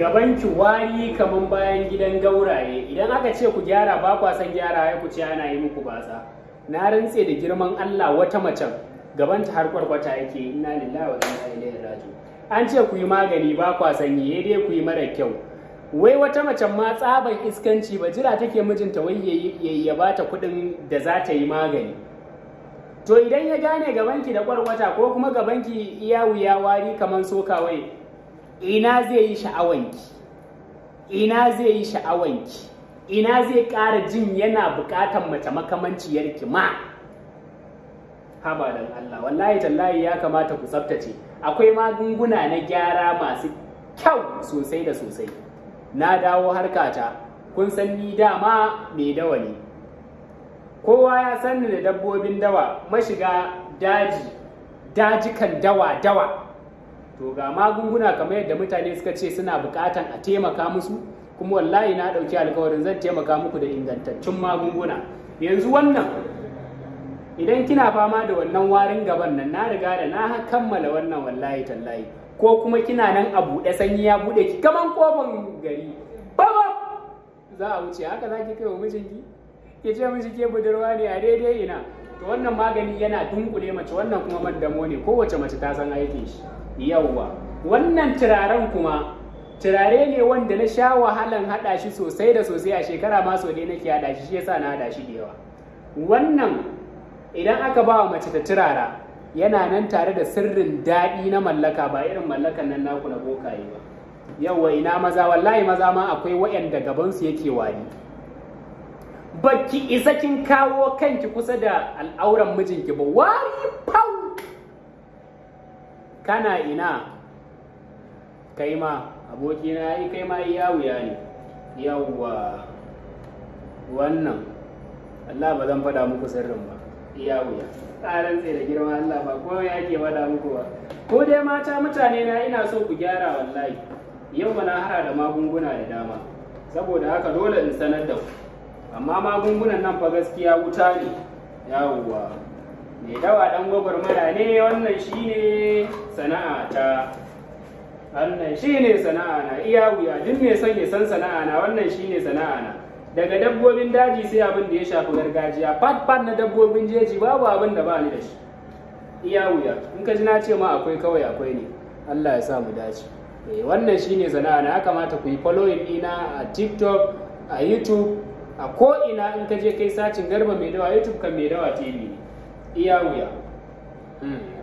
gaban wari kaman bayan gidan gauraye idan aka ce ku gyara ba kwa san gyara ya ku ce ana yi muku basa, na rantse da girman Allah wata macen gaban ta har kwarkwata yake inna lillahi wa inna ilaihi raji'un an ce ku yi magani ba kwa san yi eh dai ku yi mara kyau wai wata macen ma tsaban iskanci ba jira take mijinta wai ya bata kuɗin da za ta yi magani to idan ya gane gabanki da kwarkwata ko kuma gabanki iya wuya wari kaman soka wai ina zai yi sha'awanki ina zai yi sha'awanki ina zai ƙara jin yana buƙatar mace makamanciyarki ma haba Allah wallahi tallahi ya kamata ku tsaftace akwai magunguna na gyara masu kyau sosai da sosai na dawo harkata kun san ni dama mai dawa ne kowa ya sanni da dabbobin dawa mashiga daji dajikan dawa dawa to ga magunguna kamar yadda mutane suka ce suna bukatan a taimaka musu kuma wallahi na ɗauki alkawarin zan taimaka muku da ingantaccen magunguna yanzu wannan idan kina fama da wannan warin gaban nan na riga da na kammala wannan wallahi tallahi ko kuma kina nan a buɗe sanyi ya buɗe ki kaman kofan gari baba za a wuce haka za ki kai wa mijinki ki ce miji ke budurwa ne a daidai ina to wannan magani yana dunkule mace wannan kuma maddamo ne kowace mace ta san aikin shi yawwa wannan turaren kuma turare ne wanda na sha wahalan haɗa shi sosai da sosai a shekara ma so ne nake haɗa shi shi yasa na hada shi da yawa wannan idan aka ba wa mace ta turara yana nan tare da sirrin daɗi na mallaka ba irin mallakan nan naku na bokaye ba yawwa ina maza wallahi maza ma akwai waɗanda gabansu yake wari baki isa kin kawo kanki kusa da al'auran mijinki ba wari fa kana ina kai ma abokina yi kai ma yawu ya ne yawwa wannan Allah ba zan faɗa muku sirrin ba yawu ya tsarin tsaye da girma Allah ba ko ya ke fada muku ba ko dai mata mutane na ina so ku gyara wallahi yau ba na hara da magunguna da dama saboda haka dole in sanar da ku amma magungunan nan fa gaskiya wuta ne yawwa mai dawa dan gwagwarmaya ne wannan shine sana'a ta wannan shine sana'a na iya wuya duk mai son ya san sana'a na wannan shine sana'a na daga dabbobin daji sai abin da ya shafi gargajiya fat fat na dabbobin jeji babu abin da ba ni da shi iya wuya in ka ji na ce ma akwai kawai akwai ne Allah ya sa mu dace eh wannan shine sana'a na ya kamata ku yi following ina a TikTok a YouTube a ko ina in ka je kai sacin garba mai dawa YouTube kan mai dawa TV 咿呀呜呀，嗯。